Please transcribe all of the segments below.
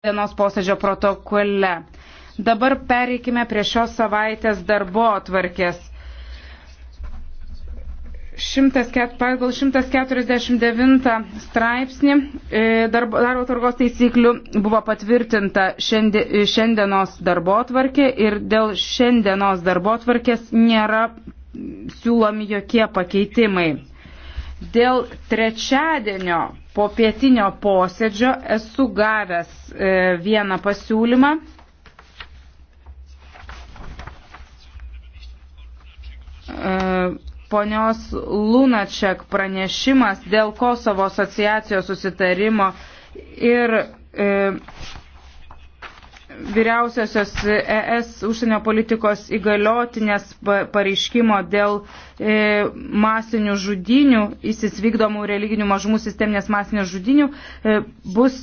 dienos posėdžio protokole. Dabar pereikime prie šios savaitės darbo atvarkės. Pagal 149 straipsnį e, darbo, darbo tvarkos taisyklių buvo patvirtinta e, šiandienos darbo atvarkė ir dėl šiandienos darbo atvarkės nėra siūlomi jokie pakeitimai. Dėl trečiadienio po pietinio posėdžio esu gavęs e, vieną pasiūlymą. E, ponios Lunaček pranešimas dėl Kosovo asociacijos susitarimo ir e, vyriausiosios ES užsienio politikos įgaliotinės pareiškimo dėl e, masinių žudinių, įsisvykdomų religinių mažumų sisteminės masinės žudinių, e, bus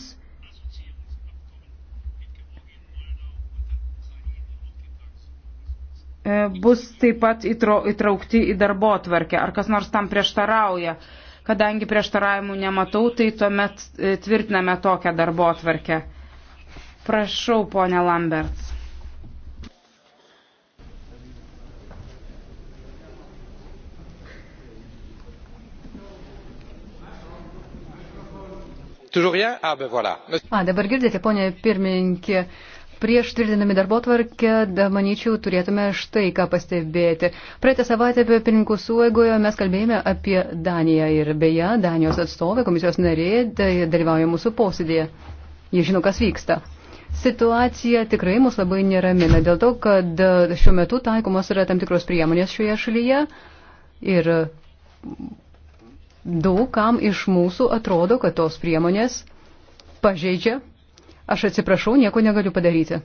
e, bus taip pat įtraukti į darbo tvarkę. Ar kas nors tam prieštarauja? Kadangi prieštaravimų nematau, tai tuomet tvirtiname tokią darbo tvarkę. Prašau, ponė Lamberts. Ah, A, dabar girdite, ponė pirmininkė. Prieš tvirtinami darbo tvarkę, manyčiau, turėtume štai ką pastebėti. Praeitą savaitę apie pirmininkų suėgoje mes kalbėjome apie Daniją ir beje, Danijos atstovė, komisijos narė, tai dalyvauja mūsų posėdėje. Jie žino, kas vyksta. Situacija tikrai mus labai neramina dėl to, kad e, šiuo metu taikomos yra tam tikros priemonės šioje šalyje ir daug kam iš mūsų atrodo, kad tos priemonės pažeidžia. Aš atsiprašau, nieko negaliu padaryti.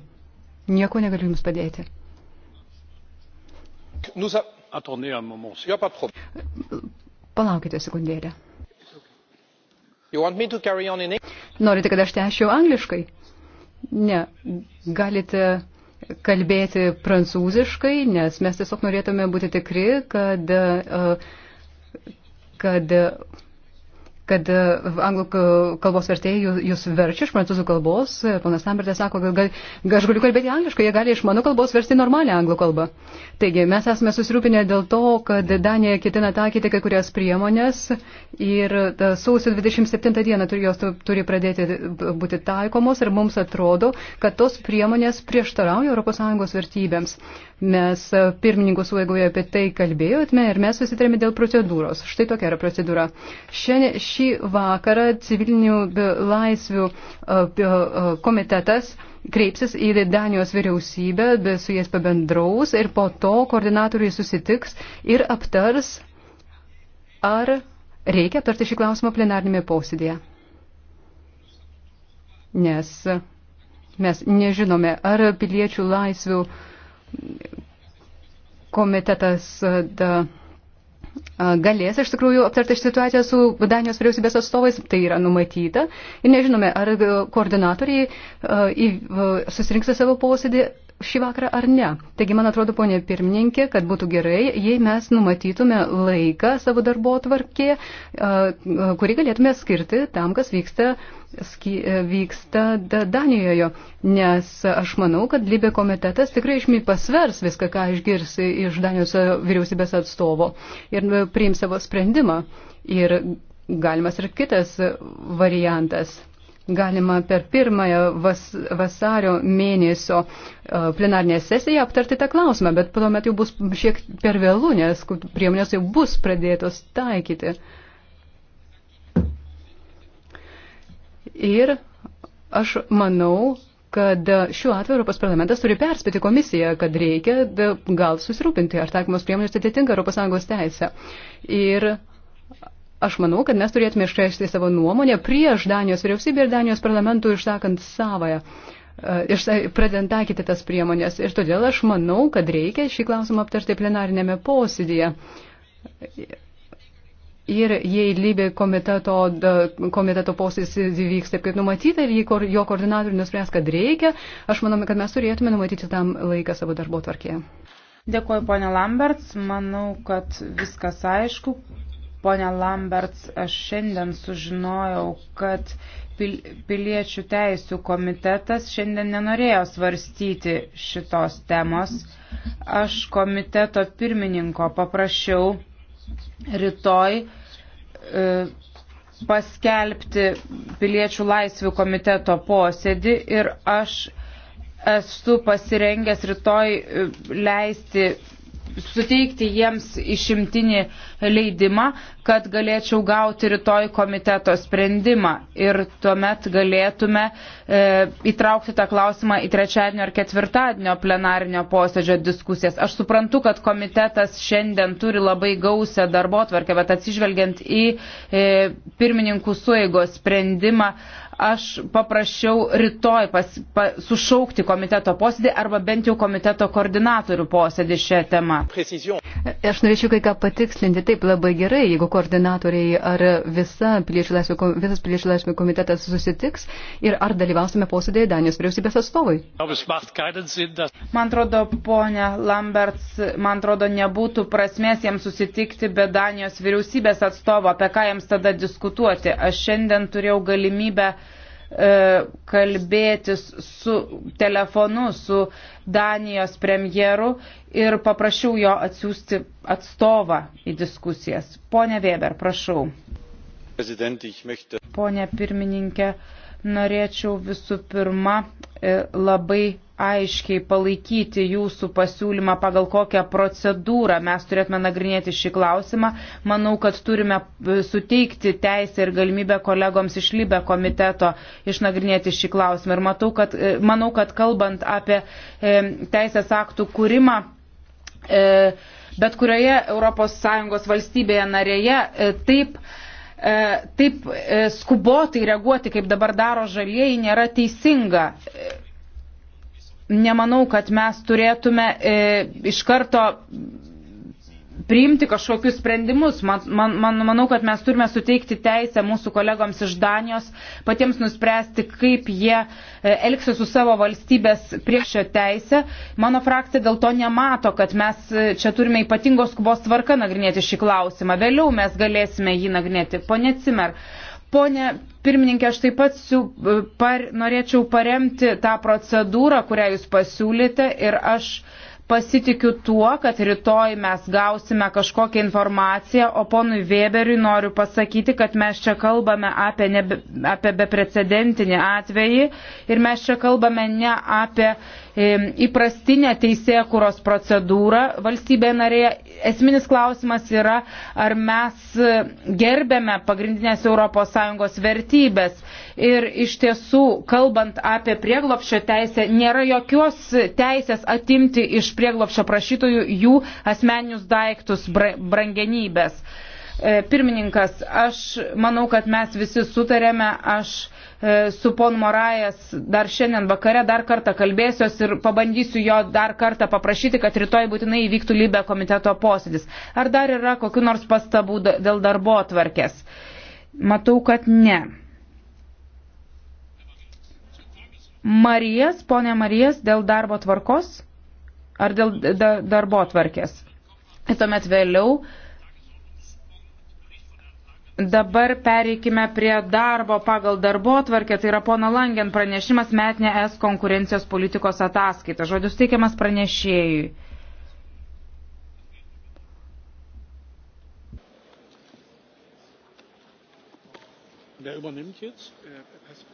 Nieko negaliu Jums padėti. Palaukite sekundėlę. Norite, kad aš tęsčiau angliškai? Ne, galite kalbėti prancūziškai, nes mes tiesiog norėtume būti tikri, kad, e, kad kad e, anglų kalbos vertėjai jūs, jūs verčia iš prancūzų kalbos. E, ponas Lambertas sako, kad gal, gal aš galiu kalbėti angliškai, jie gali iš mano kalbos versti normalią anglų kalbą. Taigi, mes esame susirūpinę dėl to, kad Danija ketina taikyti kai kurias priemonės ir e, sausio 27 dieną turi, jos turi pradėti būti taikomos ir mums atrodo, kad tos priemonės prieštarauja ES vertybėms. Mes pirmininkų suvaigoje apie tai kalbėjome ir mes susitarėme dėl procedūros. Štai tokia yra procedūra. Šiandien, šį šį vakarą civilinių laisvių komitetas kreipsis į Danijos vyriausybę, su jais pabendraus ir po to koordinatoriai susitiks ir aptars, ar reikia aptarti šį klausimą plenarnėme posėdėje. Nes mes nežinome, ar piliečių laisvių komitetas da, galės iš tikrųjų aptarti situaciją su Danijos vyriausybės atstovais, tai yra numatyta. Ir nežinome, ar koordinatoriai susirinks savo posėdį šį vakarą ar ne. Taigi, man atrodo, ponė pirmininkė, kad būtų gerai, jei mes numatytume laiką savo darbo tvarkė, kurį galėtume skirti tam, kas vyksta, ski, e, vyksta Danijoje. Nes aš manau, kad Libė komitetas tikrai išmi pasvers viską, ką išgirs iš Danijos vyriausybės atstovo ir priims savo sprendimą. Ir galimas ir kitas variantas galima per pirmąją vas, vasario mėnesio e, plenarnę sesiją aptarti tą klausimą, bet tuomet jau bus šiek per vėlų, nes priemonės jau bus pradėtos taikyti. Ir aš manau, kad šiuo atveju Europos parlamentas turi perspėti komisiją, kad reikia gal susirūpinti, ar taikomos priemonės atitinka ES teisę. Ir Aš manau, kad mes turėtume išreikšti savo nuomonę prieš Danijos vyriausybę ir Danijos parlamentų išsakant savąją. E, ir e, pradedant taikyti tas priemonės. Ir todėl aš manau, kad reikia šį klausimą aptarti plenarinėme posėdėje. Ir jei lybė komiteto, komiteto posės vyks taip, kaip numatyta, ir jei jo koordinatorius nuspręs, kad reikia, aš manome, kad mes turėtume numatyti tam laiką savo darbo tvarkėje. Dėkuoju, ponė Lamberts. Manau, kad viskas aišku. Pone Lamberts, aš šiandien sužinojau, kad piliečių teisų komitetas šiandien nenorėjo svarstyti šitos temos. Aš komiteto pirmininko paprašiau rytoj e, paskelbti piliečių laisvių komiteto posėdį ir aš esu pasirengęs rytoj e, leisti suteikti jiems išimtinį leidimą, kad galėčiau gauti rytoj komiteto sprendimą ir tuomet galėtume e, įtraukti tą klausimą į trečiadienio ar ketvirtadienio plenarinio posėdžio diskusijas. Aš suprantu, kad komitetas šiandien turi labai gausią darbo tvarkę, bet atsižvelgiant į e, pirmininkų sueigos sprendimą, aš paprašiau rytoj pas, pa, sušaukti komiteto posėdį arba bent jau komiteto koordinatorių posėdį šią temą. Aš norėčiau kai ką patikslinti. Taip labai gerai, jeigu koordinatoriai ar visa piliečių laisvė, visas piliečių laisvė komitetas susitiks ir ar dalyvausime posėdėje Danijos vyriausybės atstovai. Man atrodo, ponia Lamberts, man atrodo, nebūtų prasmės jiems susitikti be Danijos vyriausybės atstovo, apie ką jiems tada diskutuoti. Aš šiandien turėjau galimybę uh, E, kalbėtis su telefonu su Danijos premjeru ir paprašiau jo atsiųsti atstovą į diskusijas. Pone Weber, prašau. Pone pirmininkė, norėčiau visų pirma e, labai aiškiai palaikyti jūsų pasiūlymą, pagal kokią procedūrą mes turėtume nagrinėti šį klausimą. Manau, kad turime e, suteikti teisę ir galimybę kolegoms iš Libe komiteto išnagrinėti šį klausimą. Ir matau, kad, e, manau, kad kalbant apie e, teisės aktų kūrimą, bet kurioje ES valstybėje narėje taip taip skubotai reaguoti, kaip dabar daro žalieji, nėra teisinga nemanau, kad mes turėtume e, iš karto priimti kažkokius sprendimus. Man, man, man, manau, kad mes turime suteikti teisę mūsų kolegoms iš Danijos patiems nuspręsti, kaip jie e, elgsis su savo valstybės priešio teisę. Mano frakcija dėl to nemato, kad mes e, čia turime ypatingos skubos tvarka nagrinėti šį klausimą. Vėliau mes galėsime jį nagrinėti. Pone Cimer, Pone Pirmininkė, aš taip pat siu, e, par, norėčiau paremti tą procedūrą, kurią jūs pasiūlyte ir aš uh, pasitikiu tuo, kad rytoj mes gausime kažkokią informaciją, o ponui Weberiui noriu pasakyti, kad mes čia kalbame apie, ne, apie beprecedentinį atvejį ir mes čia kalbame ne apie e, įprastinę teisėkuros procedūrą valstybėje narėje. Esminis klausimas yra, ar mes gerbėme pagrindinės ES vertybės. Ir iš tiesų, kalbant apie prieglopščio teisę, nėra jokios teisės atimti iš prieglopščio prieglopšio prašytojų jų asmeninius daiktus, brangenybės. E, pirmininkas, aš manau, kad mes visi sutarėme, aš e, su pon Morajas dar šiandien vakare dar kartą kalbėsiuos ir pabandysiu jo dar kartą paprašyti, kad rytoj būtinai įvyktų lybė komiteto posėdis. Ar dar yra kokiu nors pastabų dėl darbo tvarkės? Matau, kad ne. Marijas, ponė Marijas, dėl darbo tvarkos? ar dėl darbo atvarkės. Ir tuomet vėliau Dabar pereikime prie darbo pagal darbo atvarkę, tai yra pono Langen pranešimas metinė S konkurencijos politikos ataskaita. Žodis teikiamas pranešėjui. Wer übernimmt jetzt? Ja. Äh,